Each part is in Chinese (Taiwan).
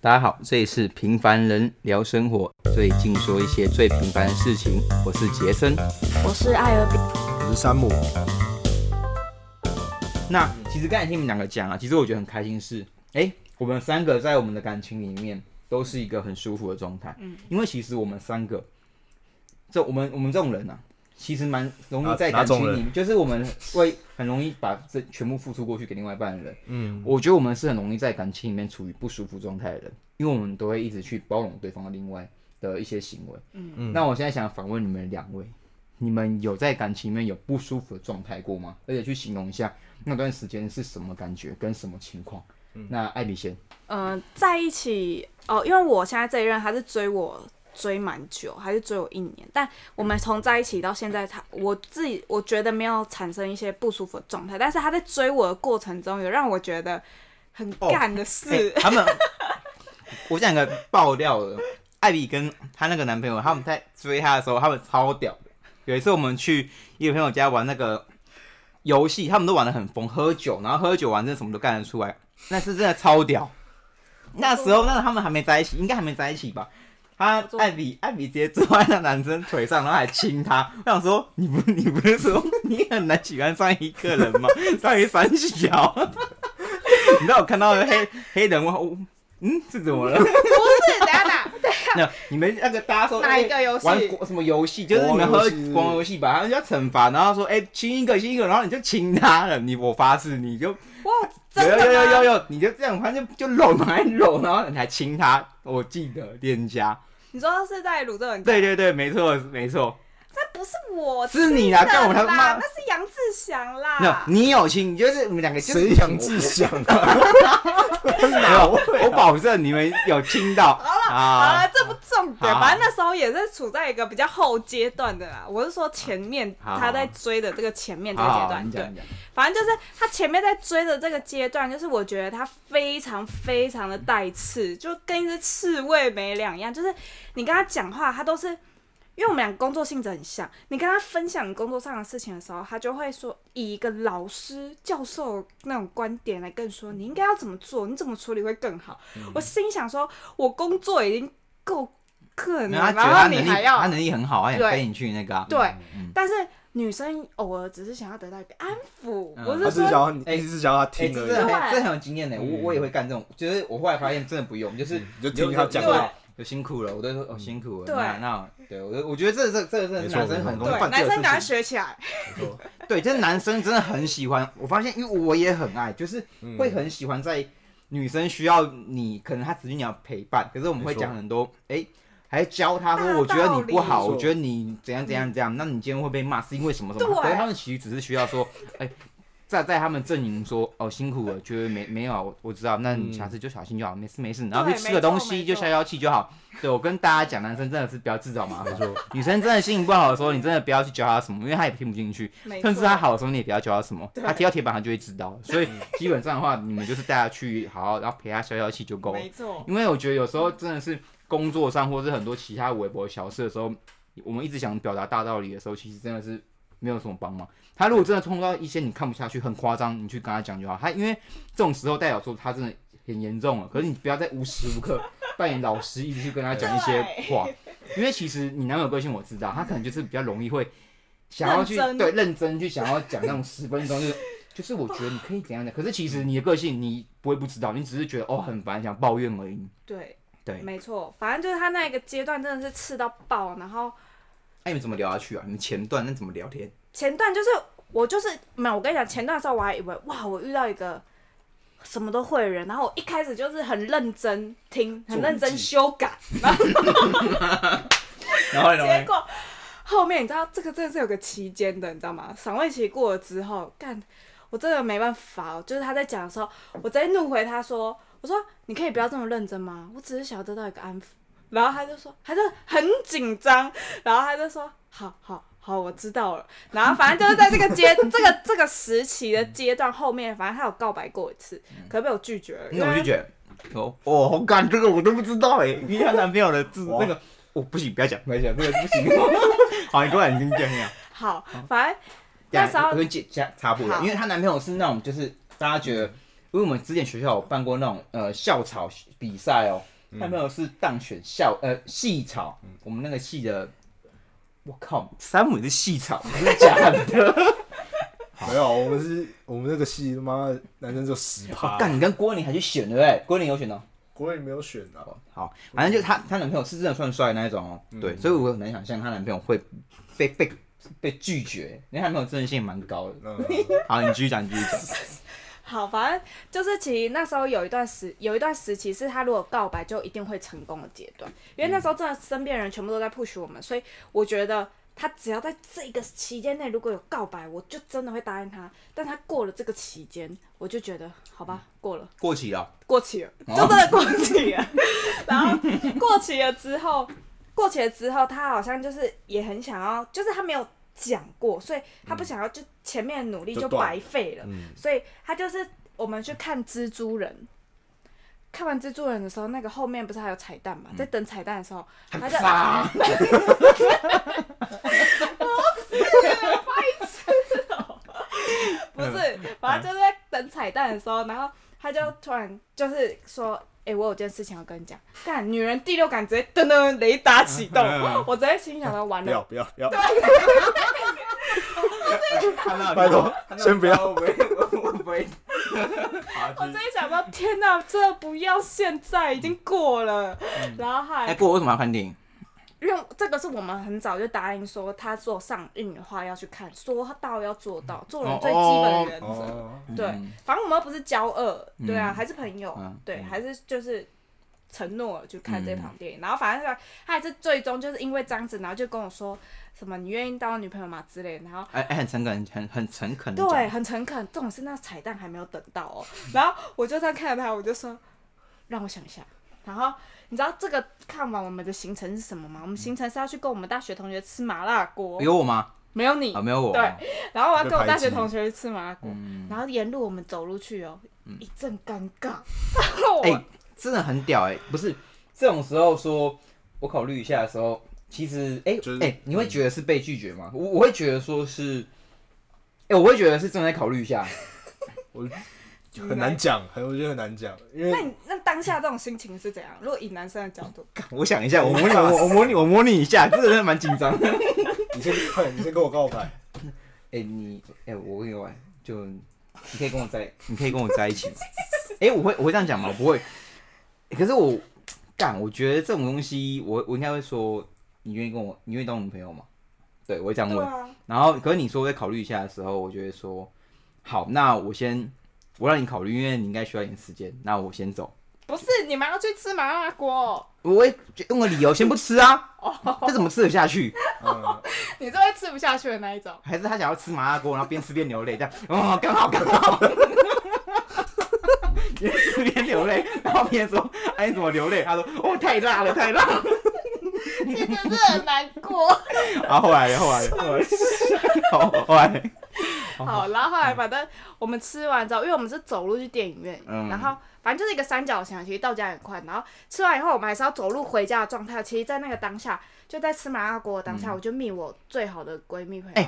大家好，這裡是平凡人聊生活，最近說一些最平凡的事情。我是傑森，我是艾爾比，我是山姆。那其實剛才聽你們兩個講啊，其實我覺得很開心是，是哎，我們三個在我們的感情裡面都是一個很舒服的狀態。嗯，因為其實我們三個，這我們我們這種人呢、啊。其實蠻容易在感情裡面，就是我們會很容易把這全部付出過去給另外一半的人。嗯，我覺得我們是很容易在感情裡面處於不舒服狀態的人，因為我們都會一直去包容對方的另外的一些行為。嗯嗯。那我現在想反問你們兩位，你們有在感情裡面有不舒服的狀態過嗎？而且去形容一下那段時間是什麼感覺跟什麼情況？嗯，那艾比先，嗯，呃，在一起哦，因為我現在這一任他是追我。追蠻久，還是追我一年。但我們從在一起到現在他，他我自己我覺得沒有產生一些不舒服的狀態。但是他在追我的過程中，有讓我覺得很幹的事。Oh, 欸、 他們，我講個爆料的，艾比跟她那個男朋友，他們在追她的時候，他們超屌。有一次我們去一個朋友家玩那個遊戲，他們都玩得很瘋，喝酒，然後喝酒完真的什麼都幹得出來。那是真的超屌。那時候，那時候他們還沒在一起，oh. 應該還沒在一起吧。他艾她錯比艾比直接坐在那男生腿上，然後還親他。我想說，你不你不是說你很難喜歡上一個人嗎？上一三小 到底啥笑？你知道我看到黑、欸、黑人我嗯是怎麼了？嗯、不是，怎樣啦？等下， 你們那個大家說、欸、一個遊戲？玩什麼遊戲？就是我們喝光遊戲吧。然後就要懲罰，然後說哎親、欸、一個親一個，然後你就親他了。你我發誓，你就哇，真的嗎？有有有有有，你就這樣，反正就摟，就後還後摟，然後你還親他。我記得店家。你說他是在魯很，對對對，沒錯，沒錯。那不是我，是你啊。幹嘛？他那是楊志祥啦。你有親，就是我們兩個。誰是楊志祥？沒有，我保證你們有聽到。好了，好了，這不重點。反正那時候也是處在一個比較後階段的啦。我是說前面他在追的這個前面這個階段。反正就是他前面在追的這個階段，就是我覺得他非常非常的帶刺，就跟一隻刺蝟沒兩樣。就是你跟他講話，他都是。因為我們倆工作性質很像，你跟他分享工作上的事情的時候，他就會說以一個老師、教授那種觀點來跟你說你應該要怎麼做，你怎麼處理會更好。我心想說，我工作已經夠夠了，然後你還要他能力很好，還想陪你去那個？對，但是女生偶爾只是想要得到一個安撫，我是說哎，是想要聽，真的，真的很有經驗的。我我也會幹這種，就是我後來發現真的不用，就是你就聽他講話。就辛苦了，我都說哦辛苦了。那，對，我覺得，我覺得這這這這男生很容易犯錯，男生趕快學起來。對，這男生真的很喜歡，我發現，因為我也很愛，就是會很喜歡在女生需要你，可能他只是你要陪伴，可是我們會講很多，哎，還教他說，我覺得你不好，我覺得你怎樣怎樣怎樣，那你今天會被罵是因為什麼什麼？可是他們其實只是需要說，哎。在在他們陣營說哦辛苦了，覺得沒沒有，我我知道，那你下次就小心就好，嗯、沒事沒事，然後去吃個東西就消消氣就好。對，對我跟大家講，錯男生真的是不要自找麻煩， 女生真的心情不好的時候，你真的不要去教他什麼，因為他也聽不進去。錯甚至他好的時候你也不要教他什麼，對他貼到鐵板上就會知道。所以基本上的話，你們就是帶他去好，好，然後陪他消消氣就夠了。錯因為我覺得有時候真的是工作上或者很多其他微博小事的時候，我們一直想表達大道理的時候，其實真的是。沒有什麼幫忙。他如果真的衝到一些你看不下去、很誇張，你去跟他講就好。他因為這種時候代表說他真的很嚴重了。可是你不要再無時無刻扮演老師，一直去跟他講一些話，對因為其實你男朋友個性我知道，他可能就是比較容易會想要去認真對認真去想要講那種十分鐘、就是，就就是我覺得你可以怎樣的。可是其實你的個性你不會不知道，你只是覺得哦很煩，想抱怨而已。對對，對沒錯，反正就是他那一個階段真的是刺到爆，然後。哎、你怎麼聊下去啊？你前段那怎麼聊天？前段就是我就是沒有，我跟你講，前段的時候我還以為哇，我遇到一個什麼都會的人，然後我一開始就是很認真聽，很認真修改，專輯。然後結果後面你知道這個真的是有個期間的，你知道嗎？賞味期過了之後，幹我真的沒辦法哦、喔，就是他在講的時候，我直接怒回他說：“我說你可以不要這麼認真嗎？我只是想要得到一個安撫。”然後他就說，他就很緊張，然後他就說，好，好，好，我知道了。然後反正就是在這個階 這個這個時期的階段後面，反正他有告白過一次，嗯、可是被我拒絕了。你怎麼拒絕？哦，哦好感這個我都不知道哎，因為她男朋友的字、哦、那個，我、哦、不行，不要講，不要講，這個不行。 好，你過來，你先講一下。好，反正那時候我接插插不多了，好因為他男朋友是那種就是大家覺得，因為我們之前學校有辦過那種呃校草比賽哦。他朋友是當選校呃系草，嗯、我們那個系的，我靠，山姆的系草還是假的？ 好沒有，我們是我們那個系他媽男生就十趴。我幹、哦，你跟郭玲還去選對不對？郭玲有選喏、哦，郭玲沒有選啊好。好，反正就他他男朋友是真的算帥那一種、哦，嗯、對，所以我很難想象他男朋友會被被被,被拒絕，因為他男朋友真的性蠻高的。那 好，你繼續講。你繼續講 好，反正就是其實那時候有一段時有一段時期是他如果告白就一定會成功的階段，因為那時候真的身邊人全部都在 push 我們，嗯、所以我覺得他只要在這個期間內如果有告白，我就真的會答應他。但他過了這個期間，我就覺得好吧，過了，過期了，過期了，就真的過期了。哦、 然後過期了之後，過期了之後，他好像就是也很想要，就是他沒有。講過，所以他不想要，就前面的努力就白費了，嗯、就斷了，嗯、所以他就是我們去看蜘蛛人，看完蜘蛛人的時候，那個後面不是還有彩蛋嗎？嗯、在等彩蛋的時候，他在我不是，反正就是在等彩蛋的時候， 然後。他就突然就是說，哎、欸，我有件事情要跟你講。幹，女人第六感直接噔噔雷達啟動，嗯嗯嗯、我直接心裡想說，完了，不要不要不要！拜託，先不要，我自己想到，天啊，這不要現在，已經過了 然後嗨，欸，不過我為什麼要換電影？因為這個是我們很早就答應說，他做上映的話要去看，說到要做到，做人最基本的原則。哦哦、對，嗯、反正我們不是交惡，對啊，嗯、還是朋友，嗯、對，還是就是承諾就看這場電影。嗯、然後反正他他還是最終就是因為這樣子，然後就跟我說什麼“你願意當我女朋友嗎”之類的，然後哎哎、欸，很誠懇，很很誠懇，對，很誠懇。重點是那彩蛋還沒有等到哦、喔，然後我就在看着他，我就說讓我想一下，然後。你知道這個看完我們的行程是什麼嗎？我們行程是要去跟我們大學同學吃麻辣鍋、嗯。有我嗎？沒有你、啊，沒有我。對。然後我要跟我大學同學去吃麻辣鍋，然後沿路我們走路去哦、喔，嗯、一陣尷尬。哎 哇、欸，真的很屌哎、欸，不是這種時候說，我考慮一下的時候，其實哎哎、欸就是欸，你會覺得是被拒絕嗎？嗯、我我會覺得說是，哎、欸，我會覺得是正在考慮一下。 我嗯欸、很難講，很我覺得很難講，因為那你那當下這種心情是怎樣？如果以男生的角度，啊、我想一下，我模擬我,我模擬我,我模擬 一下，真的真的蠻緊張的。 你先快，你先跟我告白。哎、欸，你哎、欸，我跟你玩，就你可以跟我在，你可以跟我在一起嗎？哎、 欸，我會我會這樣講嗎？我不會、欸。可是我幹，我覺得這種東西，我我應該會說，你願意跟我，你願意當我女朋友嗎？對，我會這樣問。啊、然後，可是你說我再考慮一下的時候，我覺得說好，那我先。我讓你考慮，因為你應該需要一點時間。那我先走。不是，你們要去吃麻辣鍋。我、嗯欸、會用個理由先不吃啊。哦、這怎麼吃得下去？哦呃、你這會吃不下去的那一種。還是他想要吃麻辣鍋，然後邊吃邊流淚，這樣哦，剛好剛好。哈邊 吃邊流淚，然後邊說：“哎、啊，你怎麼流淚？”他說：“哦，太辣了，太辣了。”你真是很難過。好壞呀，好壞呀。好，好後來好，然後後來反正我們吃完之後，嗯、因為我們是走路去電影院，嗯、然後反正就是一個三角形，其實到家很快。然後吃完以後，我們還是要走路回家的狀態。其實，在那個當下，就在吃麻辣鍋的當下，嗯、我就密我最好的閨蜜朋友。哎、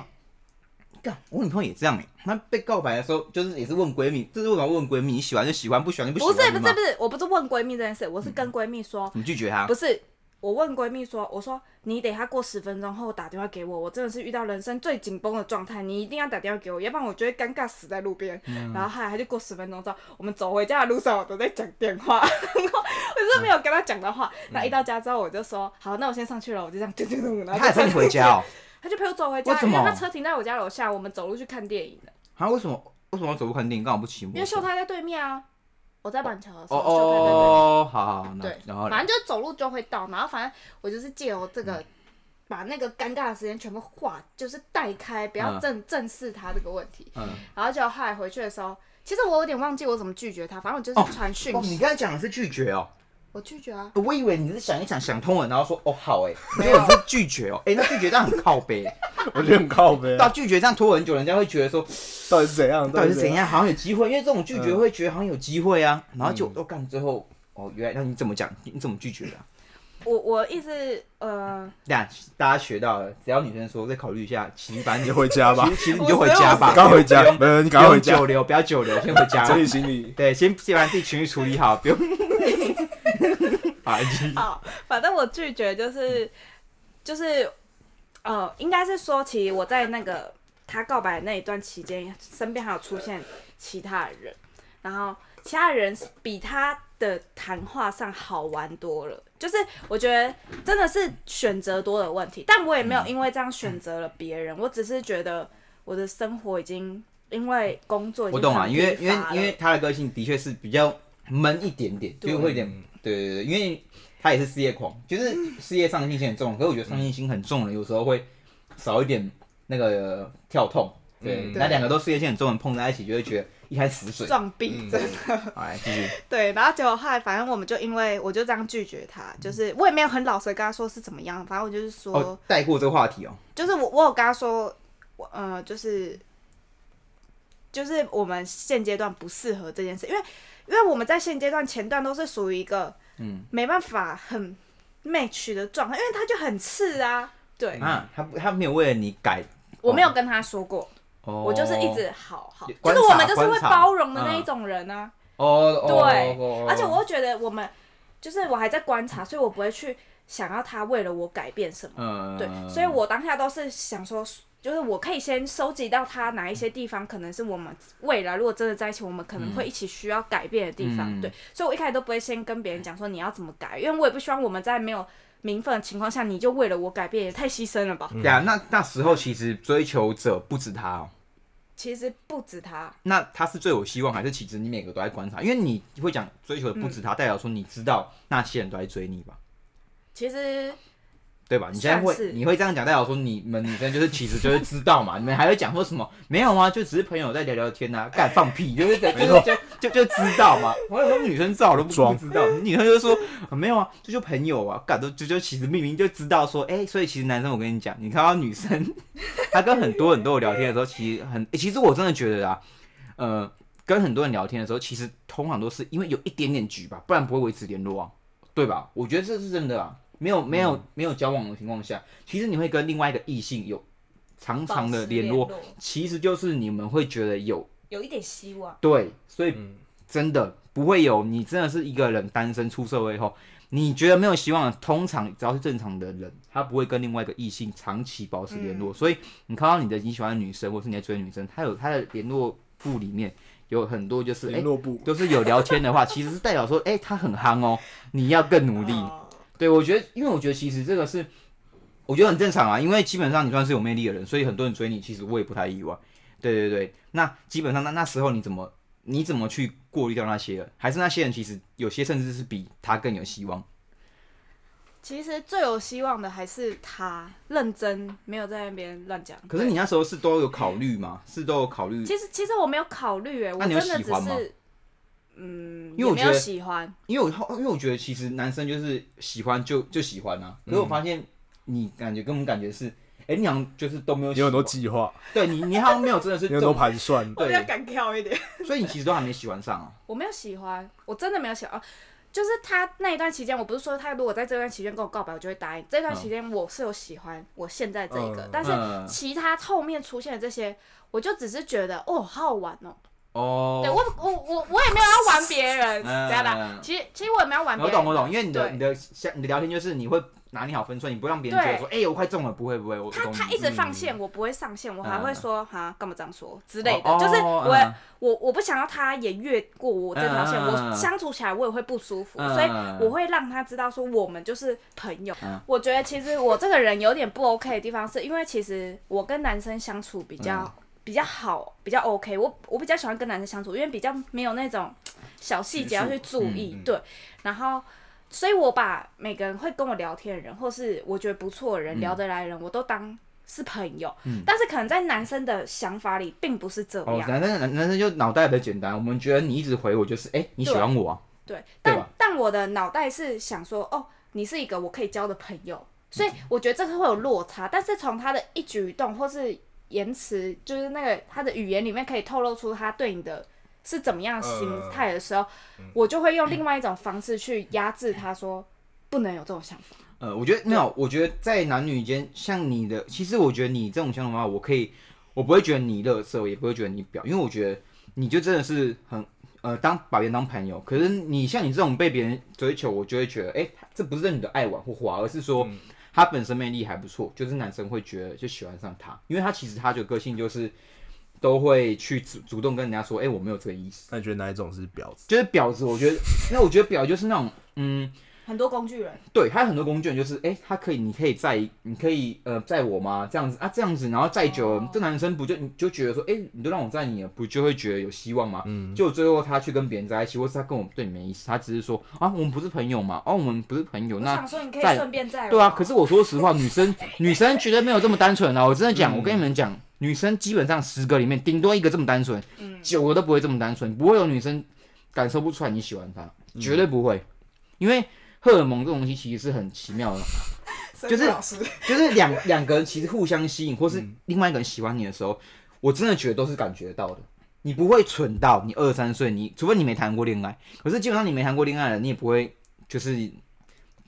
欸，幹，我女朋友也這樣哎、欸。那被告白的時候，就是也是問閨蜜，這是為什麼問閨蜜？你喜歡就喜歡，不喜歡就不喜歡是嗎？不是不是不是，我不是問閨蜜這件事，我是跟閨蜜說、嗯，你拒絕他不是。我問閨蜜說：“我說，你等下過十分鐘後打電話給我，我真的是遇到人生最緊繃的狀態，你一定要打電話給我，要不然我就會尷尬死在路邊。嗯”然後後來她就過十分鐘之後，我們走回家的路上我都在講電話， 我真我沒有跟他講的話。那、嗯、一到家之後，我就說：“好，那我先上去了。”我就這樣咚咚咚，嗯、他陪我回家她，喔、他就陪我走回家。為什麼？因為他車停在我家樓下，我們走路去看電影的。他為什麼為什麼走路看電影？剛好不騎摩，因為秀泰在對面啊。我在板橋的時候就對對對對對對。哦好好，對，然後反正就走路就會到，然後反正我就是借由這個、嗯、把那個尷尬的時間全部化，就是帶開，不要正、嗯、正視他這個問題。然後就後來回去的時候，其實我有點忘記我怎麼拒絕他，反正我就是傳訊。哦，你剛才講的是拒絕哦。我拒絕啊！我以為你是想一想想通了，然後說哦好哎，結果你是拒絕哦，哎那拒絕這樣很靠北，我覺得很靠北。到拒絕這樣拖很久，人家會覺得說到底是怎樣？到底是怎樣？好像有機會，因為這種拒絕會覺得好像有機會啊。然後就都幹，最後哦原來那你怎麼講？你怎麼拒絕的？我我意思呃，等一下大家學到了，只要女生說再考慮一下，其實你就回家吧。其實你就回家吧，剛回家，嗯，你剛回家，不要久留，不要久留，先回家整理行李。對，先先把自己情緒處理好，不用。好 哦，反正我拒絕就是就是呃，應該是說起我在那個他告白的那一段期間，身邊還有出現其他的人，然後其他人比他的談話上好玩多了。就是我覺得真的是選擇多的問題，但我也沒有因為這樣選擇了別人，我只是覺得我的生活已經因為工作，我懂啊，因為因為因為他的個性的確是比較悶一點點，對就會有點。對對，對因為他也是事業狂，就是事業上進心很重，嗯、可是我覺得上進心很重的有時候會少一點那個、呃、跳痛。對，那兩、嗯、個都事業心很重的碰在一起，就會覺得一灘死水。撞壁，真的。嗯、來謝謝對，然後結果後來，反正我們就因為我就這樣拒絕他，就是我也沒有很老實的跟他說是怎麼樣，反正我就是說帶、哦、過這個話題哦。就是我，我有跟他說，我呃，就是就是我們現階段不適合這件事，因為。因為我們在現階段前段都是屬於一個，嗯，沒辦法很 match 的狀態，嗯、因為他就很次啊，對，啊、他他沒有為了你改，我沒有跟他說過，哦、我就是一直好好，察就是我們就是會包容的那一種人啊，哦，對，而且我又覺得我們就是我還在觀察，所以我不會去想要他為了我改變什麼，嗯，對，所以我當下都是想說。就是我可以先收集到他哪一些地方，可能是我們未來如果真的在一起，我們可能會一起需要改變的地方。嗯、對，所以我一開始都不會先跟別人講說你要怎麼改，因為我也不希望我們在沒有名分的情況下，你就為了我改變，也太犧牲了吧。對啊，那那時候其實追求者不止他，喔嗯，其實不止他。那他是最有希望，還是其實你每個都在觀察？因為你會講追求者不止他，嗯、代表說你知道那些人都在追你吧？其實。對吧？你現在會，是你會這樣講，代表說你們女生就是其實就是知道嘛？ 你們還會講說什麼？沒有啊，就只是朋友在聊聊天吶、啊。幹 放屁就是， 就是就就就知道嘛。 我有時候女生知道，都不知道。裝女生就說、啊、沒有啊，就就朋友啊。幹都就就其實明明就知道說，哎、欸，所以其實男生，我跟你講，你看到女生她跟很多很多有聊天的時候，其實很、欸，其實我真的覺得啊，呃，跟很多人聊天的時候，其實通常都是因為有一點點局吧，不然不會維持聯絡啊，對吧？我覺得這是真的啊。沒有沒有、嗯、沒有交往的情況下，其實你會跟另外一個異性有常常的聯絡，聯絡其實就是你們會覺得有有一點希望。對，所以真的、嗯、不會有，你真的是一個人單身出社會後，你覺得沒有希望。通常只要是正常的人，他不會跟另外一個異性長期保持聯絡。嗯、所以你看到你的你喜歡的女生，或是你在追的女生，她有她的聯絡簿裡面有很多就是聯絡簿、欸，就是有聊天的話， 其實是代表說，哎、欸，她很夯哦，你要更努力。 對，我覺得，因為我覺得其實這個是，我覺得很正常啊，因為基本上你算是有魅力的人，所以很多人追你，其實我也不太意外。對對對，那基本上那那時候你怎麼你怎麼去過濾掉那些還是那些人其實有些甚至是比他更有希望？其實最有希望的還是他認真，沒有在那邊亂講。可是你那時候是都有考慮嗎？對是都有考慮？其實其實我沒有考慮哎、欸，我真的只是…那、啊、你有喜歡嗎？嗯，因為我覺得沒有喜歡，因為我因為我覺得其實男生就是喜歡就就喜歡吶、啊。嗯、可是我發現你感覺跟我們感覺是，哎、欸，你好像就是都沒有喜歡，你有很多計劃，對你你好像沒有真的是 你有很多盤算，對的我比較敢跳一點，所以你其實都還沒喜歡上啊。我沒有喜歡，我真的沒有喜歡，啊、就是他那一段期間，我不是說他如果在這段期間跟我告白，我就會答應。這段期間我是有喜歡、嗯、我現在這一個，嗯、但是其他後面出現的這些，我就只是覺得哦，好好玩哦。哦，對，我我我我也沒有要玩別人，知道吧？其實其實我也沒有玩別人。我懂我懂，因為你的你的你的聊天就是你會拿捏好分寸，你不會讓別人覺得說哎，我快中了，不會不會。他他一直放線，我不會上線，我還會說哈，幹嘛這樣說之類的，就是我我我不想要他也越過我這條線，我相處起來我也會不舒服，所以我會讓他知道說我們就是朋友。我覺得其實我這個人有點不 OK 的地方，是因為其實我跟男生相處比較。比較好，比較 OK，我我比較喜歡跟男生相處，因為比較沒有那種小細節要去注意，嗯嗯、對。然後，所以我把每個人會跟我聊天的人，或是我覺得不錯的人、嗯、聊得來的人，我都當是朋友。嗯、但是可能在男生的想法裡，並不是這樣。哦、男生男，男生就腦袋比較簡單，我們覺得你一直回我就是哎、欸、你喜歡我啊？對，對吧但。但我的腦袋是想說，哦，你是一個我可以交的朋友，所以我覺得這個會有落差。但是從他的一舉一動或是。言辭就是那個他的語言裡面可以透露出他對你的是怎麼樣的心態的時候，呃、我就會用另外一種方式去壓制他說，說不能有這種想法。呃，我覺得沒有對，我覺得在男女間，像你的，其實我覺得你這種想法，我可以，我不會覺得你樂色，我也不會覺得你婊，因為我覺得你就真的是很呃，當把別人當朋友。可是你像你這種被別人追求，我就會覺得，哎、欸，這不是你的愛玩或花，而是說。嗯他本身魅力還不錯，就是男生會覺得就喜歡上他，因為他其實他的個性就是都會去主主動跟人家說，哎、欸，我沒有這個意思。那你覺得哪一種是婊子？就是婊子，我覺得，那我覺得婊就是那種，嗯。很多工具人，對，他有很多工具人，就是哎、欸，他可以，你可以載，你可以呃，載我嗎？這樣子啊，這樣子，然後載久了，oh、這男生不就你就覺得說，哎、欸，你都讓我載你了，不就會覺得有希望嗎？嗯，就最後他去跟別人在一起，或是他跟我對你沒意思，他只是說啊，我們不是朋友嘛，哦、啊，我們不是朋友，那再順便載對啊。可是我說實話， 女生女生絕對沒有這麼單純啊！我真的講，嗯、我跟你們講，女生基本上十個裡面頂多一個這麼單純，嗯、九個都不會這麼單純，不會有女生感受不出來你喜歡他，絕對不會，嗯、因為。荷爾蒙這種東西其實是很奇妙的，就是就是兩兩個人其實互相吸引，或是另外一個人喜歡你的時候，我真的覺得都是感覺到的。你不會蠢到你二三歲，你除非你沒談過戀愛，可是基本上你沒談過戀愛了，你也不會就是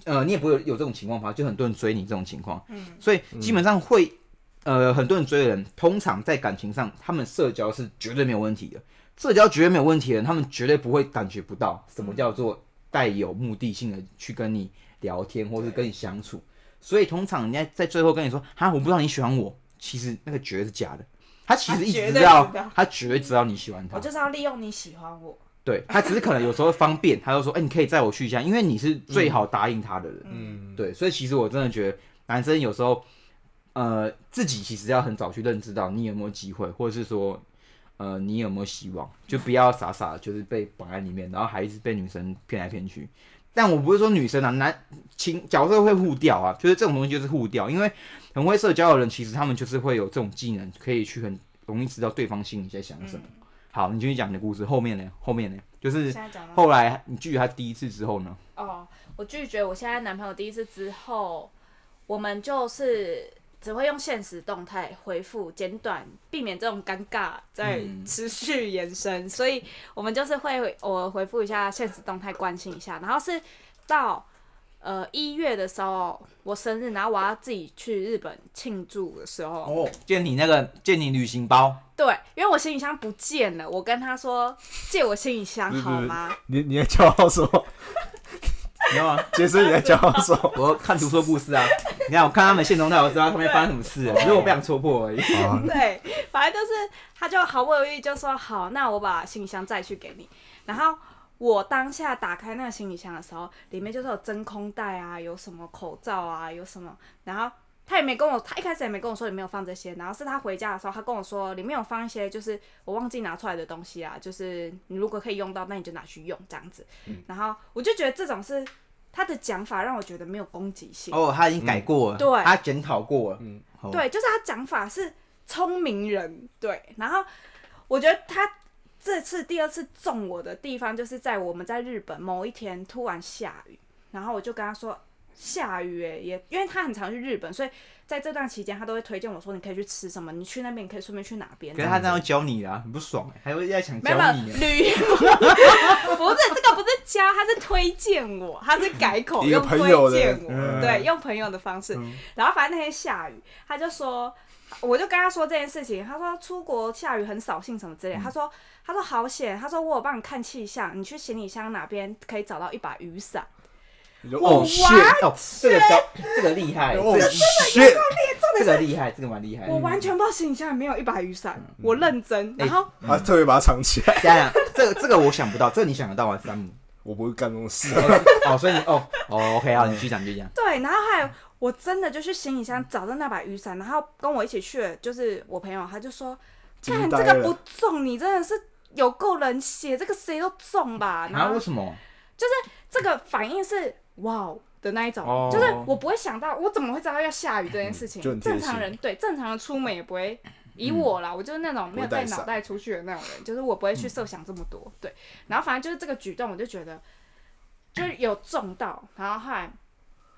呃，你也不會有這種情況發生，就很多人追你這種情況。所以基本上會呃很多人追的人，通常在感情上他們社交是絕對沒有問題的，社交絕對沒有問題的人，他們絕對不會感覺不到什麼叫做。帶有目的性的去跟你聊天，或者是跟你相處，所以通常人家在最後跟你說：“哈，我不知道你喜歡我。”其實那個絕對是假的，他其實一直知道，他絕對知道你喜歡他。我就是要利用你喜歡我，對，他只是可能有時候方便，他就說：“哎，你可以載我去一下，因為你是最好答應他的人。”嗯，對，所以其實我真的覺得男生有時候，呃，自己其實要很早去認知到你有沒有機會，或者是說。呃，你有沒有希望？就不要傻傻，就是被綁在裡面，嗯、然後還一直被女生騙來騙去。但我不是說女生啊，男情角色會互調啊，就是這種東西就是互調。因為很會社交的人，其實他們就是會有這種技能，可以去很容易知道對方心裡在想什麼。嗯、好，你繼續講你的故事。後面呢？後面呢？就是後來你拒絕他第一次之後呢？哦，我拒絕我現在男朋友第一次之後，我們就是。只會用現實動態回復簡短，避免這種尷尬再持續延伸。嗯、所以我們就是會偶爾回復一下現實動態，關心一下。然後是到呃一月的時候，我生日，然後我要自己去日本慶祝的時候，哦，借你那個借你旅行包。對，因為我行李箱不見了，我跟他說借我行李箱 好嗎？你你在悄悄說。 沒有嗎？ 其實你在教我說麼，我看圖說故事啊。 你看，我看他們現封袋，我知道後面發生什麼事，喔，只是對、啊、我不想戳破而已。哦， 對，反正就是他就毫不猶豫就說好，那我把行李箱再去給你。然後我當下打開那個行李箱的時候，裡面就是有真空袋啊，有什麼口罩啊，有什麼，然後。他也沒跟我，他一開始也沒跟我說裡面有放這些，然後是他回家的時候，他跟我說裡面有放一些就是我忘記拿出來的東西啊，就是你如果可以用到，那你就拿去用這樣子。嗯、然後我就覺得這種是他的講法，讓我覺得沒有攻擊性。哦，他已經改過了，對、嗯，他檢討過了，對，嗯，對，就是他講法是聰明人，對。然後我覺得他這次第二次中我的地方，就是在我們在日本某一天突然下雨，然後我就跟他說。下雨、欸，哎，也因為他很常去日本，所以在這段期間，他都會推薦我說，你可以去吃什麼，你去那邊，你可以順便去哪邊。可是他這樣教你啊，很不爽、欸、還會在想教你、啊。沒有，沒有，旅， 不是這個，不是教，他是推薦我，他是改口朋友的用推薦我，嗯、對，用朋友的方式。嗯、然後反正那天下雨，他就說，我就跟他說這件事情，他說出國下雨很掃興什麼之類，嗯、他說他說好險，他說我有幫你看氣象，你去行李箱哪邊可以找到一把雨傘。我完全，這個厲害，這個真的有夠厲害，這個厲害，這個蠻厲害。我完全不知道行李箱裡沒有一把雨傘，我認真，然後還特別把它藏起來。這樣，這個這個我想不到，這你想得到嗎？Sam，我不會幹這種事。哦，所以哦，OK 啊，你去這樣，就這樣。對，然後還有，我真的就去行李箱找到那把雨傘，然後跟我一起去，就是我朋友他就說，這個這個不重，你真的是有夠冷血，這個誰都重吧？啊，為什麼？就是這個反應是。哇哦、wow、的那一種，oh, 就是我不會想到，我怎麼會知道要下雨這件事情？嗯、正常人對正常人出門也不會以我啦，嗯、我就是那種沒有帶腦袋出去的那種人，嗯、就是我不會去設想這麼多。對，然後反正就是這個舉動，我就覺得就是有重到。嗯、然後後來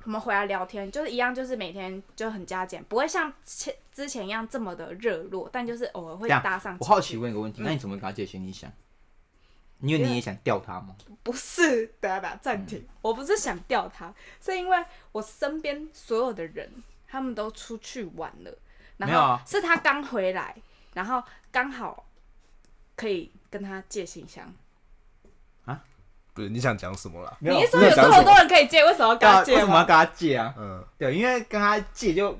我們回來聊天，就是一樣，就是每天就很加減，不會像前之前一樣這麼的熱絡，但就是偶爾會搭上去。我好奇問一個問題，嗯、那你怎麼給他解釋你想？因為你也想吊他嗎？不是，大家把它暫停。嗯、我不是想吊他，是因為我身邊所有的人他們都出去玩了，沒有是他剛回來，啊、然後剛好可以跟他借信箱。啊？不是你想講什麼啦？你是說有這麼多人可以借，你什為什麼要跟他，借跟他為什麼要跟他借啊？嗯，對，因為跟他借就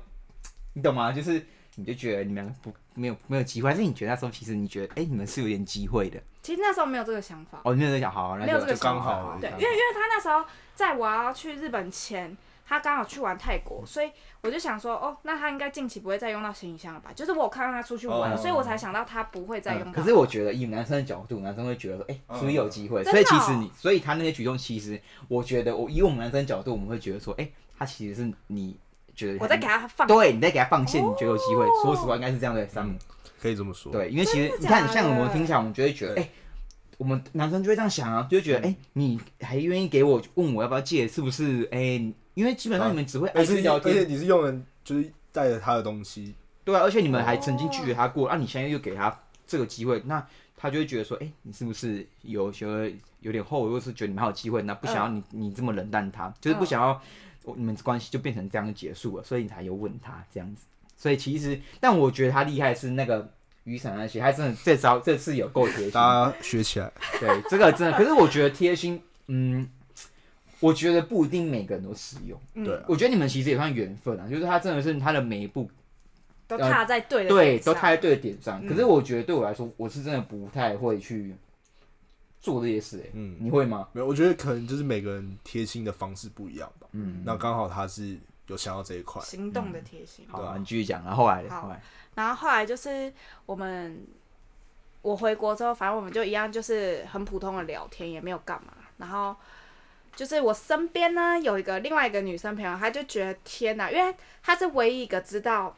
你懂嗎？就是。你就覺得你們不沒有沒有機會，還是你覺得那時候其實你覺得哎、欸、你們是有點機會的？其實那時候沒有這個想法哦，你有這想，好、啊，那時候就剛好，對，因為因為他那時候在我要去日本前，他剛好去完泰國，所以我就想說哦，那他應該近期不會再用到行李箱了吧？就是我看到他出去玩、哦、所以我才想到他不會再用、嗯。可是我覺得以男生的角度，男生會覺得說哎，所以、欸、有機會，嗯、所以其實你，所以他那些舉動，其實我覺得我以我們男生的角度，我們會覺得說哎、欸，他其實是你。覺得我在給他放，對，你在給他放線，哦、你覺得有機會？說實話，應該是這樣的、嗯。可以這麼說，對，因為其實你看，你像我們聽起來，我們就會覺得，哎、欸，我們男生就會這樣想啊，就會覺得，哎、欸，你還願意給我問我要不要借，是不是？哎、欸，因為基本上你們只會愛、嗯，而且你是用人，就是帶着他的東西，對啊，而且你們還曾經拒絕他過，那、哦啊、你現在又給他這個機會，那他就會覺得說，哎、欸，你是不是有稍有點厚？或是覺得你們還有機會，那不想要你、嗯、你這麼冷淡他，他就是不想要。嗯你們關係就變成這樣結束了，所以你才有問他這樣子。所以其實，但我覺得他厲害是那個雨傘那些，他真的這招這次有夠貼心。他學起來。對，這個真的。可是我覺得貼心，嗯，我覺得不一定每個人都適用。對、嗯，我覺得你們其實也算緣分啊，就是他真的是他的每一步都踏在對的點上，呃，對，都踏在對的點上。嗯、可是我覺得對我來說，我是真的不太會去。做這些事、欸，嗯，你會嗎？沒有，我覺得可能就是每個人貼心的方式不一樣吧。嗯，那剛好他是有想要這一塊行動的貼心。嗯、好，對啊、你繼續講。然後後來，好後來然後後來就是我們我回國之後，反正我們就一樣，就是很普通的聊天，也沒有幹嘛。然後就是我身邊呢，有一個另外一個女生朋友，她就覺得天哪，因為她是唯一一個知道。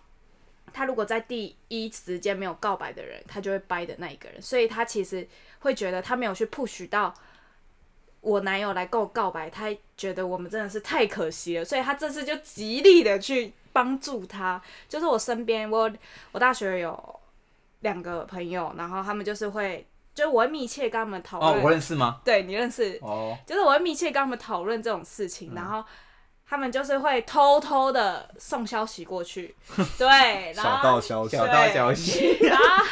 他如果在第一時間沒有告白的人，他就會掰的那一個人，所以他其實會覺得他沒有去 push 到我男友來跟我告白，他覺得我們真的是太可惜了，所以他這次就極力的去幫助他。就是我身邊，我我大學有兩個朋友，然後他們就是會，就是我會密切跟他們討論。哦，我認識嗎？對，你認識哦。就是我會密切跟他們討論這種事情，然後、嗯。他們就是會偷偷的送消息過去，對，小道消息，小道消息，然後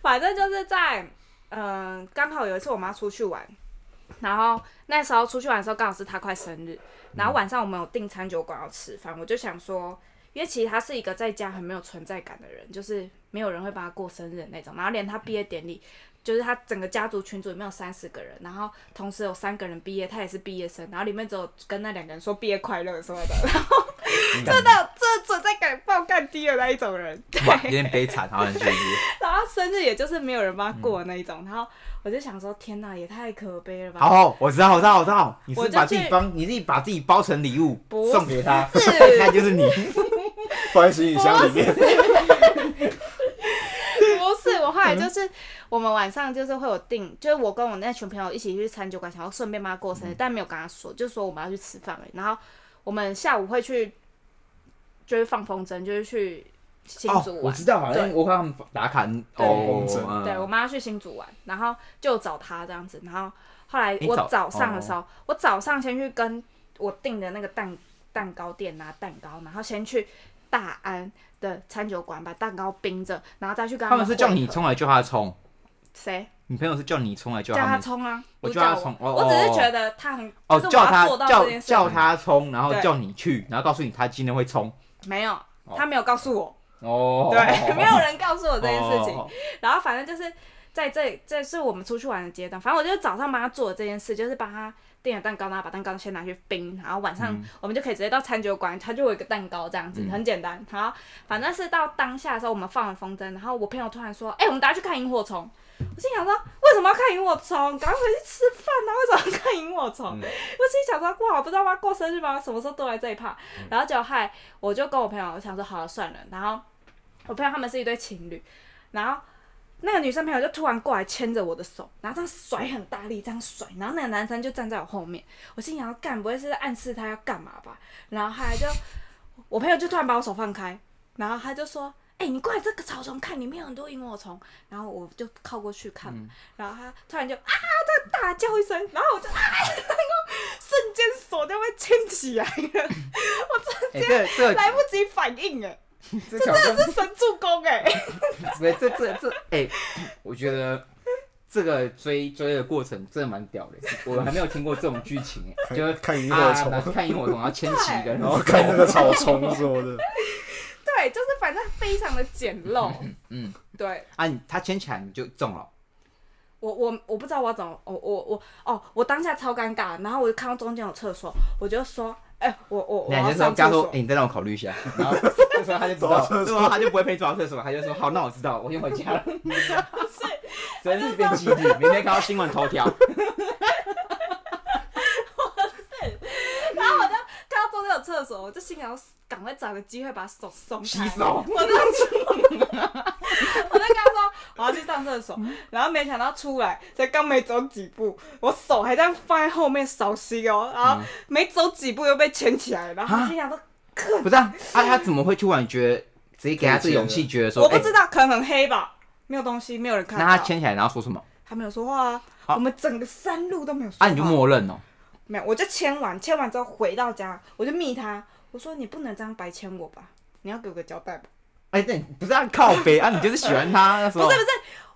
反正就是在，嗯，剛好有一次我媽出去玩，然後那時候出去玩的時候剛好是她快生日，然後晚上我們有訂餐酒館要吃飯，我就想說，因為其實她是一個在家很沒有存在感的人，就是沒有人會幫她過生日的那種，然後連她畢業典禮。就是他整個家族群組裡面有三十個人，然後同時有三個人畢業，他也是畢業生，然後裡面只有跟那兩個人說畢業快樂什麼的，然後這看到這準在敢爆干低的那一種人，對哇，有點悲慘很 然後他生日也就是沒有人幫他過的那一種，嗯、然後我就想說，天哪，也太可悲了吧。好，好，我知道，我知道，我知道，你是把自己包，你自己把自己包成禮物不是 送給他，是 他就是你，放在行李箱裡面。我是 是我後來就是我們晚上就是會有訂，嗯、就是我跟我那群朋友一起去餐酒館，想要順便媽過生日，嗯、但沒有跟他說，就說我們要去吃飯了。然後我們下午會去就是放風箏，就是去新竹玩。哦，我知道，好像對我看他們打卡放風箏。對，我媽要去新竹玩，然後就找他這樣子。然後後來我早上的時候，早哦、我早上先去跟我訂的那個蛋蛋糕店拿蛋糕，然後先去大安。的餐酒館把蛋糕冰着，然後再去跟他們是叫你衝來叫他衝，誰？你朋友是叫你衝來叫他衝啊！我叫他衝，我只是覺得他很哦，叫他叫叫他衝，然後叫你去，然後告訴你他今天會衝，沒有，他沒有告訴我哦，對，沒有人告訴我這件事情，然後反正就是在這裡這是我們出去玩的階段，反正我就早上幫他做的這件事，就是幫他，訂了蛋糕，然後把蛋糕先拿去冰，然後晚上我們就可以直接到餐酒館，他就有一個蛋糕這樣子，嗯、很簡單。然後反正是到當下的時候，我們放了風箏，然後我朋友突然說：“哎、欸，我們大家去看螢火蟲。”我心想說：“為什麼要看螢火蟲？趕快回去吃飯呢、啊！為什麼要看螢火蟲？”嗯、我心想說：“哇，不知道媽過生日嗎？什麼時候都來這一趴。”然後就嗨害，我就跟我朋友想說：“好了，算了。”然後我朋友他們是一對情侶，然後。那個女生朋友就突然過來牽着我的手，然後這樣甩很大力，這樣甩，然後那個男生就站在我後面。我心裡想幹：要幹不會是暗示他要幹嘛吧？然後他就，我朋友就突然把我手放開，然後他就說：“哎、欸，你過來這個草叢看，裡面有很多螢火蟲。”然後我就靠過去看，嗯、然後他突然就啊，這樣大叫一聲，然後我就啊， 瞬間手就被牽起來了， 我直接來不及反應了。 這，條根 這真的是神助攻哎！沒，這這這哎、欸，我覺得這個追追的過程真的蠻屌的， 我還沒有聽過這種劇情， 就是，看螢火蟲，看螢火蟲，然後牽起，然後， 對然後看那個草叢什麼的， 對，就是反正非常的簡陋， 嗯，嗯對。啊，他牽起來你就中了。我我我不知道我要怎麼，哦，我我我哦，我當下超尷尬，然後我就看到中間有廁所，我就說。哎、欸，我我兩件事，假如哎，你再讓我考慮一下，然後這時候他就知道，然後他就不會陪我上廁所，他就說好，那我知道，我先回家了。真是變機智， 明天看到新聞頭條。 廁所，我就心想要趕快找個機會把手鬆開。手我在說， 我在跟他說我要去上廁所，然後沒想到出來，才剛沒走幾步，我手還在放在後面掃地哦，然後沒走幾步又被牽起來，然後心想說，不是啊，啊，他怎麼會突然覺得，直接給他自己勇氣覺得說的我不知道，可能很黑吧，沒有東西，沒有人看。那他牽起來然後說什麼？他沒有說話，啊、我們整個山路都沒有說話。啊，你就默認、哦沒有，我就簽完，簽完之後回到家，我就密他，我說，你不能這樣白簽我吧，你要給我個交代吧。哎、欸，對，不是、啊、靠北 啊，你就是喜歡他 那時候。不是不是，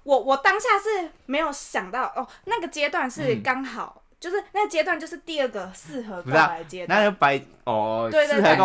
我我當下是沒有想到哦，那個階段是剛好。嗯就是那階段，就是第二個適合告白階段。那個白哦，對對對，適合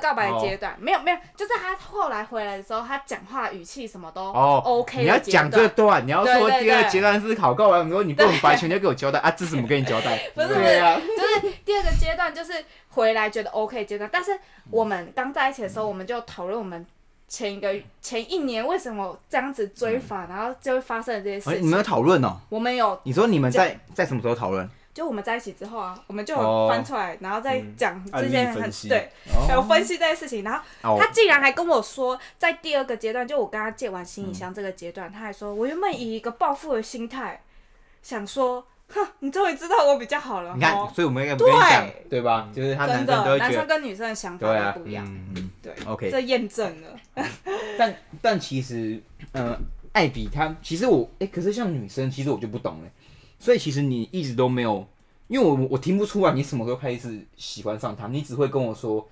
告白階段。沒有沒有，就是他後來回來的時候，他講話語氣什麼都哦 OK。你要講這段，你要說第二個階段是考告完之後，你不能白全都給我交代啊，這怎麼跟你交代？對啊，就是第二個階段就是回來覺得 OK 階段。但是我們剛在一起的時候，我們就討論我們前一個前一年為什麼這樣子追法，然後就會發生這些事。你們有討論哦？我們有。你說你們在在什麼時候討論？就我們在一起之後啊，我們就翻出來，然後再講之前很對，然後分析這些事情。然後他竟然還跟我說，在第二個階段，就我跟他借完行李箱這個階段，他還說，我原本以一個報復的心態想說，哼，你終於知道我比較好了。你看，所以我們對對吧？就是他真的男生跟女生的想法都不一樣。對，OK，這驗證了。但但其實，呃，艾比他其實我哎，可是像女生，其實我就不懂了所以其實你一直都沒有，因為我我聽不出來你什麼時候開始喜歡上他，你只會跟我說，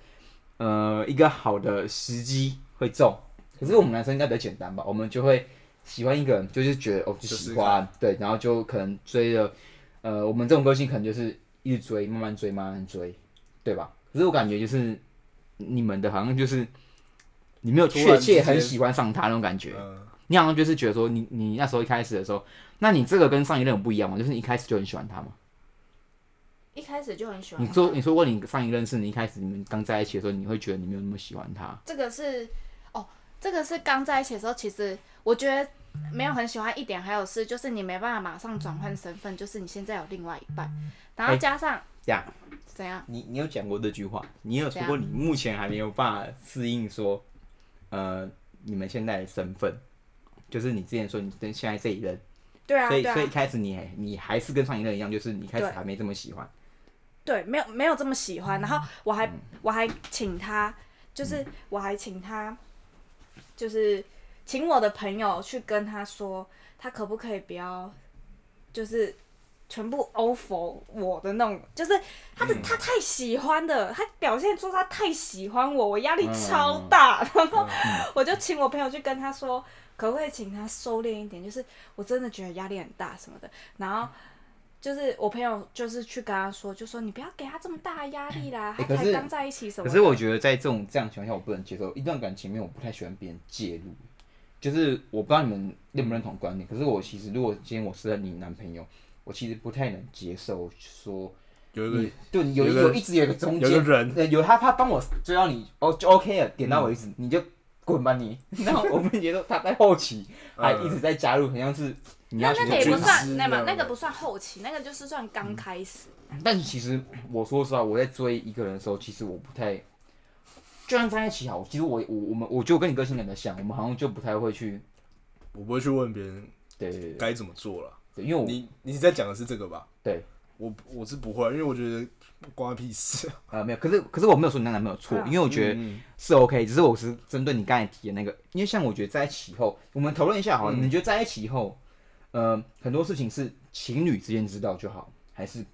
呃，一個好的時機會中。可是我們男生應該比較簡單吧，我們就會喜歡一個人，就是覺得哦，就喜歡，對，然後就可能追着，呃，我們這種個性可能就是一直追，慢慢追，慢慢追，對吧？可是我感覺就是你們的好像就是你沒有確切很喜歡上他那種感覺，呃、你好像就是覺得說你你那時候一開始的時候。那你這個跟上一任不一樣嗎？就是你一開始就很喜歡他嗎？一開始就很喜歡。你說，你說過你上一任是你一開始你們剛在一起的時候，你會覺得你沒有那麼喜歡他。這個是哦，這個是剛在一起的時候，其實我覺得沒有很喜歡一點。還有是，就是你沒辦法馬上轉換身份，就是你現在有另外一半，然後加上呀，欸，這樣，怎樣？你你有講過這句話？你有說過你目前還沒有辦法適應說，怎樣？呃，你們現在的身份，就是你之前說你跟現在這一任。對啊，所以所以一開始你、啊、你，你還是跟上一任一樣，就是你開始還沒這麼喜歡。對，沒有沒有這麼喜歡。嗯、然後我還、嗯、我還請他，就是、嗯、我還請他，就是請我的朋友去跟他說，他可不可以不要，就是全部 offer 我的那種，就是他的、嗯、他太喜歡的，他表現出他太喜歡我，我壓力超大。嗯嗯、然後我就請我朋友去跟他說。可不可以請他收斂一點？就是我真的覺得壓力很大什麼的。然後就是我朋友就是去跟他說，就說你不要給他這麼大壓力啦。欸、他才剛在一起什麼可，可是我覺得在這種這樣情況下，我不能接受。一段感情裡面，我不太喜歡別人介入。就是我不知道你們認不認同觀點。嗯、可是我其實，如果今天我是你男朋友，我其實不太能接受說有,的對有一個對有個，一直有一個中間人對，有他怕幫我追到你哦，就 OK 了，點到為止，嗯、你就。滾吧你！然後 我們也都，他在後期還一直在加入，好像是你要。嗯、那那個也不算，那知、個、那個不算後期，那個就是算剛開始。嗯、但是其實我說實話，我在追一個人的時候，其實我不太，就算在一起好，其實我我我們我就跟你個性有點像，嗯、我們好像就不太會去，我不會去問別人，對該怎麼做了對對對對。因為我你你在講的是這個吧？對，我我是不會，因為我覺得。關屁事啊！呃，沒有，可是可是我沒有說你那男、男朋友錯，啊、因為我覺得是 OK，嗯、只是我是針對你剛才提的那個，因為像我覺得在一起後，我們討論一下好了，嗯、你覺得在一起後，呃，很多事情是情侶之間知道就好，還是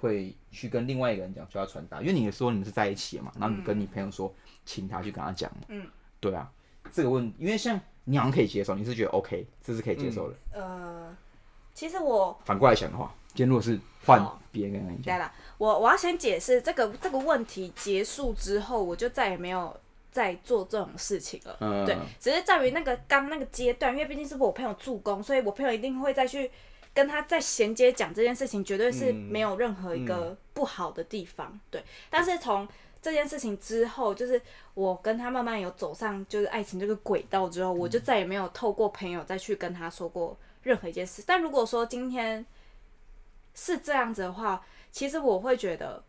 會去跟另外一個人講，就要傳達？因為你說你們是在一起的嘛，然後你跟你朋友說，嗯、請他去跟他講，嗯，對啊，這個問題，因為像你好像可以接受，你是覺得 OK，這是可以接受的，嗯、呃，其實我反過來想的話。如果是換別人來講，對了，我我要先解釋這個這個問題結束之後，我就再也沒有再做這種事情了。嗯、對，只是在於那個剛那個階段，因為畢竟是，是我朋友助攻，所以我朋友一定會再去跟他再銜接講這件事情，絕對是沒有任何一個不好的地方。嗯嗯、對，但是從這件事情之後，就是我跟他慢慢有走上就是愛情這個軌道之後，我就再也沒有透過朋友再去跟他說過任何一件事。嗯、但如果說今天。是這樣子的話，其實我會覺得，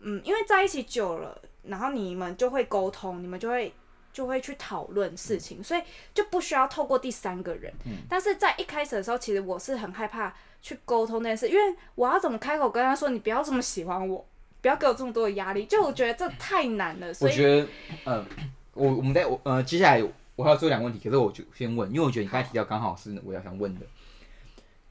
嗯，因為在一起久了，然後你們就會溝通，你們就會就會去討論事情，所以就不需要透過第三個人。嗯，但是在一開始的時候，其實我是很害怕去溝通那件事，因為我要怎麼開口跟他說，你不要這麼喜歡我，不要給我這麼多的壓力，就我覺得這太難了。所以我覺得，嗯，呃，我我們在我呃接下來我還要做兩個問題，可是我就先問，因為我覺得你剛才提到剛好是我要想問的。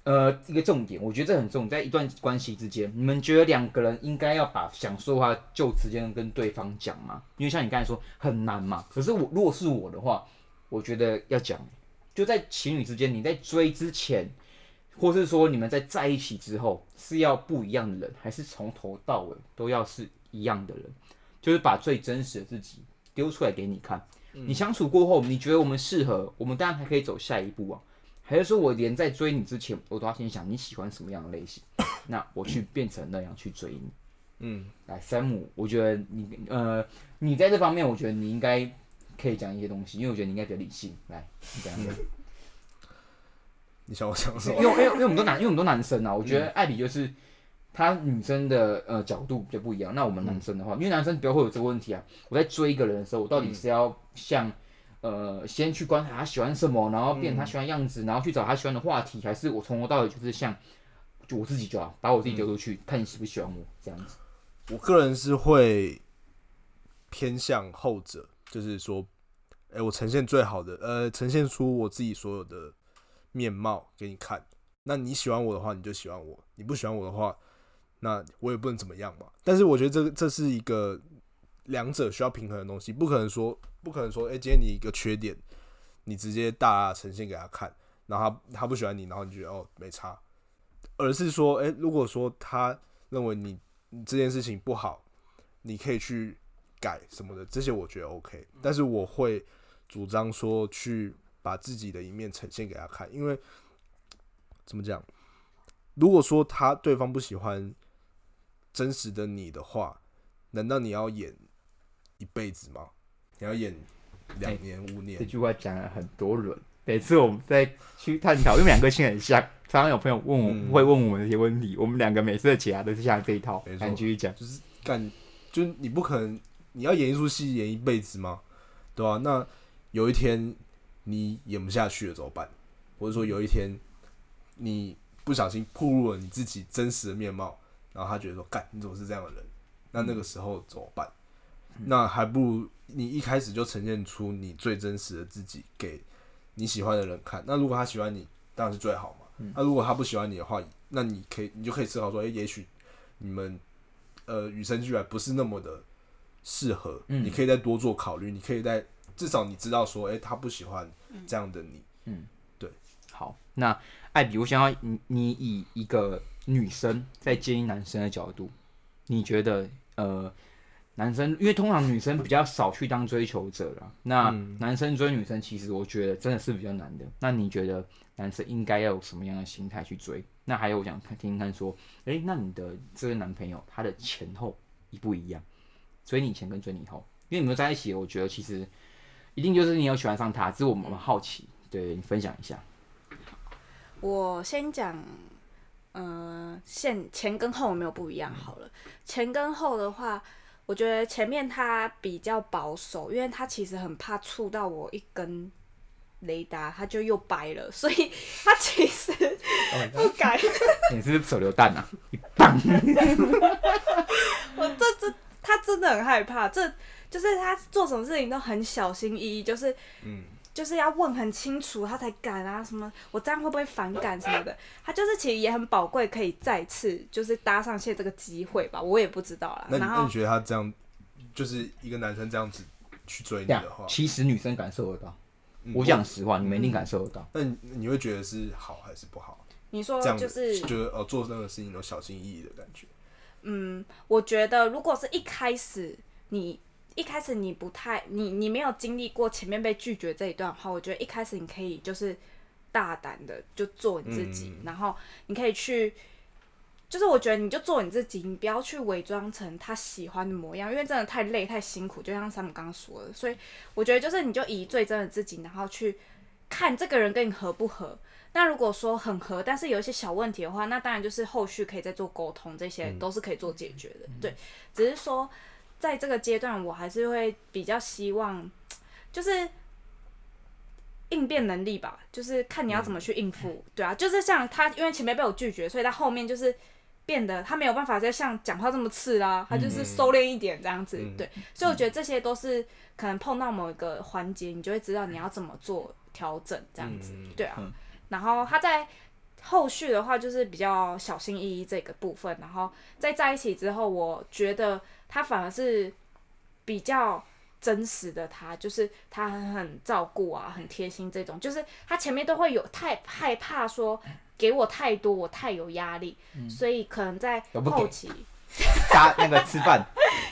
呃，一個重點，我覺得這很重，在一段關係之間，你們覺得兩個人應該要把想說的話就直接跟對方講嗎？因為像你剛才說很難嘛。可是我如果是我的話，我覺得要講，就在情侶之間，你在追之前，或是說你們在在一起之後，是要不一樣的人，還是從頭到尾都要是一樣的人？就是把最真實的自己丟出來給你看。嗯。你相處過後，你覺得我們適合，我們當然還可以走下一步啊。還是說，我連在追你之前，我都要先想你喜歡什麼樣的類型， 那我去變成那樣 去追你。嗯，來，山姆，我覺得你呃，你在這方面，我覺得你應該可以講一些東西，因為我覺得你應該比較理性。來，你講講。 你想我想說因為、欸、因為因為很多男，因為很多男生啊，我覺得艾比就是他女生的呃角度比較不一樣。那我們男生的話，嗯、因為男生比較會有這個問題啊，我在追一個人的時候，我到底是要像？嗯呃，先去觀察他喜歡什麼，然後變他喜歡的樣子，嗯、然後去找他喜歡的話題，還是我從頭到尾就是像就我自己交，把我自己丟出去，嗯、看你喜不喜歡我這樣子。我個人是會偏向後者，就是說，哎、欸，我呈現最好的，呃，呈現出我自己所有的面貌給你看。那你喜歡我的話，你就喜歡我；你不喜歡我的話，那我也不能怎麼樣嘛。但是我覺得這這是一個兩者需要平衡的東西，不可能說。不可能說，哎、欸，今天你一個缺點，你直接大大呈現給他看，然後他他不喜歡你，然後你就覺得哦沒差，而是說，哎、欸，如果說他認為你,你這件事情不好，你可以去改什麼的，這些我覺得 OK，但是我會主張說去把自己的一面呈現給他看，因為怎麼講，如果說他對方不喜歡真實的你的話，難道你要演一輩子嗎？你要演兩年五年，欸，這句話講了很多輪，每次我們在去探討， 因為兩個性很像，常常有朋友問我，嗯、會問我們這些問題，我們兩個每次的解答都是像這一套。沒錯，你繼續講，就是幹，就是你不可能你要演一出戲演一輩子嗎？對啊，那有一天你演不下去了怎麼辦？或者說有一天你不小心暴露了你自己真實的面貌，然後他覺得說幹你怎麼是這樣的人？那那個時候怎麼辦？嗯那還不如你一開始就呈現出你最真實的自己，給你喜歡的人看。那如果他喜歡你，當然是最好嘛。嗯、那如果他不喜歡你的話，那你可以，你就可以思考說：，哎、欸，也許你們，呃，與生俱來不是那麼的適合。嗯、你可以再多做考慮，你可以再至少你知道說：，哎、欸，他不喜歡這樣的你。嗯，對，好。那艾比，我想要你，你以一個女生在接近男生的角度，你覺得，呃？男生，因為通常女生比較少去當追求者啦，那男生追女生，其實我覺得真的是比較難的。那你覺得男生應該要有什麼樣的心態去追？那還有，我想聽聽看，說，哎、欸，那你的這個男朋友他的前後一不一樣？追你前跟追你後？因為你們在一起，我覺得其實一定就是你有喜歡上他，只是我們好奇，對你分享一下。我先講，呃，現前跟後有沒有不一樣？嗯、好了，前跟後的話。我覺得前面他比較保守，因為他其實很怕觸到我一根雷達，他就又掰了，所以他其實不敢。你是手榴彈啊？你棒！我這這他真的很害怕，這就是他做什麼事情都很小心翼翼，就是嗯。就是要問很清楚，他才敢啊，什麼我這樣會不會反感什麼的？他就是其實也很寶貴，可以再次就是搭上些這個機會吧，我也不知道啦，那你，然後那你覺得他這樣，就是一個男生這樣子去追你的話，其實女生感受得到。嗯、我講實話，不你沒一定感受得到。嗯、那你，你會覺得是好還是不好？你說就是覺得哦，做那個事情有小心翼翼的感覺。嗯，我覺得如果是一開始你。一開始你不太你你沒有經歷過前面被拒絕這一段的話，我覺得一開始你可以就是大膽的就做你自己，嗯、然後你可以去，就是我覺得你就做你自己，你不要去偽裝成他喜歡的模樣，因為真的太累太辛苦。就像山姆剛剛說的，所以我覺得就是你就以最真的自己，然後去看這個人跟你合不合。那如果說很合，但是有一些小問題的話，那當然就是後續可以再做溝通，這些都是可以做解決的。嗯、對，只是說。在這個階段，我還是會比較希望，就是應變能力吧，就是看你要怎麼去應付。嗯、對啊，就是像他，因為前面被我拒絕，所以他後面就是變得他沒有辦法再像講話這麼刺啦、啊，他就是收斂一點這樣子。嗯、對，嗯、所以我覺得這些都是可能碰到某一個環節，你就會知道你要怎麼做調整這樣子。對啊，然後他在後續的話就是比較小心翼翼這個部分，然後在在一起之後，我覺得。他反而是比較真實的，他就是他很很照顧啊，很貼心這種。就是他前面都會有太害怕說給我太多，我太有壓力，所以可能在後期，他那個吃飯，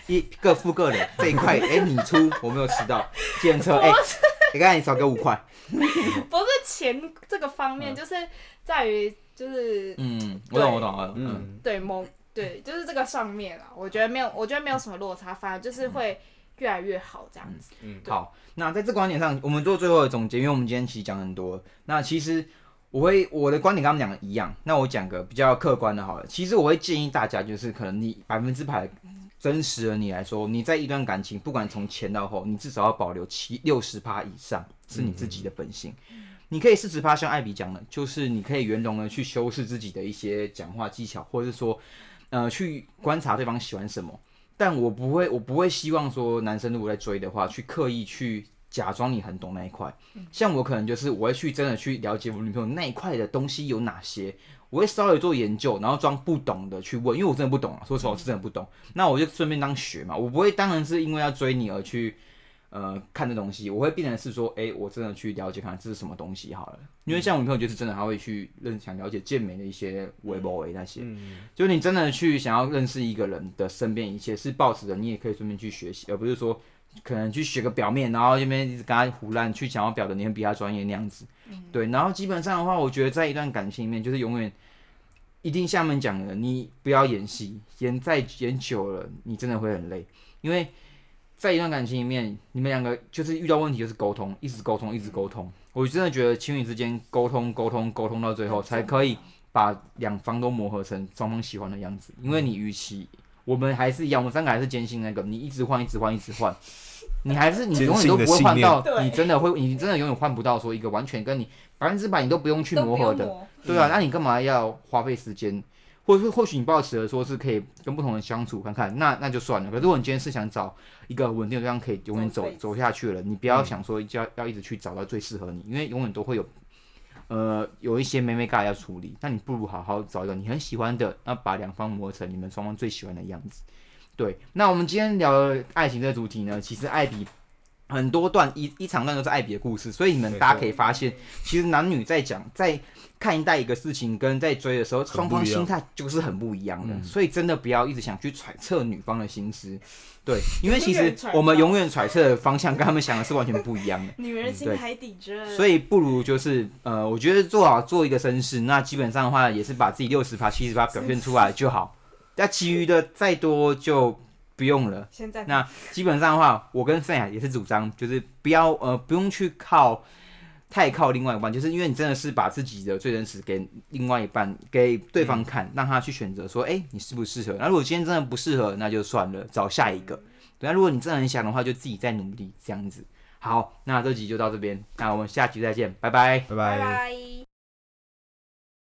一，各付各的這一塊，哎，你出，我沒有吃到，監測，哎，你看你少給五塊。不是錢這個方面，就是在於就是嗯，我懂我懂我懂，嗯，對某。對，就是這個上面啊，我覺得沒有，我覺得沒有什麼落差發，反而、嗯、就是會越來越好這樣子。嗯，對好，那在這個觀點上，我們做最後的總結，因為我們今天其實講很多。那其實我會我的觀點跟他們講的一樣。那我講個比較客觀的好了。其實我會建議大家，就是可能你百分之百真實的你來說，你在一段感情，不管從前到後，你至少要保留七六十趴以上是你自己的本性。嗯、哼你可以四十趴像艾比講的，就是你可以圓融的去修飾自己的一些講話技巧，或者是說。呃，去觀察對方喜歡什麼，但我不會，我不會希望說男生如果在追的話，去刻意去假裝你很懂那一塊。像我可能就是，我會去真的去了解我女朋友那一塊的東西有哪些，我會稍微做研究，然後裝不懂的去問，因為我真的不懂啊，說實話我是真的不懂。嗯。那我就順便當學嘛，我不會，當然是因為要追你而去。呃，看的東西，我會變成是說，哎、欸，我真的去了解看，這是什麼東西好了。嗯、因為像我朋友就是真的，他會去認想了解健美的一些微博那些。嗯，是就你真的去想要認識一個人的身邊一切是 boss 的，你也可以順便去學習，而不是說可能去學個表面，然後這邊一直跟他胡亂去想要表的你很比他專業那樣子。嗯。對，然後基本上的話，我覺得在一段感情裡面，就是永遠一定下面講的，你不要演戲，演再演久了，你真的會很累，因為。在一段感情裡面，你們兩個就是遇到問題就是溝通，一直溝通，一直溝通。通嗯、我真的覺得情侶之間溝通、溝通、溝通到最後才可以把兩方都磨合成雙方喜歡的樣子。嗯、因為你與其我們還是一樣，嗯、我們三個還是堅信那個，你一直換，一直換，一直換，你還是你永遠都不會換到你真的會，你真的永遠換不到說一個完全跟你百分之百你都不用去磨合的，對啊，那、嗯啊、你幹嘛要花費時間？或者或許你抱持的說，是可以跟不同人相處看看，那那就算了。可是如果你今天是想找一個穩定的，這樣可以永遠走走下去了。你不要想說要要一直去找到最適合你，嗯、因為永遠都會有，呃，有一些美美嘎要處理。那你不如好好找一個你很喜歡的，那把兩方磨成你們雙方最喜歡的樣子。對，那我們今天聊的愛情這個主題呢，其實艾比。很多段一一長段都是愛別的故事，所以你們大家可以發現，其實男女在講、在看待一個事情跟在追的時候，雙方心態就是很不一樣的。嗯、所以真的不要一直想去揣測女方的心思，對，因為其實我們永遠揣測的方向跟他們想的是完全不一樣的。 女人心海底針，所以不如就是呃，我覺得做好做一個紳士，那基本上的話也是把自己六十趴七十趴表現出來就好，但是其餘的再多就，不用了。現在那基本上的話，我跟賽亞也是主張，就是不要呃不用去靠太靠另外一半，就是因為你真的是把自己的最真實給另外一半，給對方看，嗯、讓他去選擇說，哎、欸，你適不適合？那如果今天真的不適合，那就算了，找下一個。等下、嗯、如果你真的很想的話，就自己再努力這樣子。好，那這集就到這邊，那我們下集再見，拜拜，拜拜 bye。Bye bye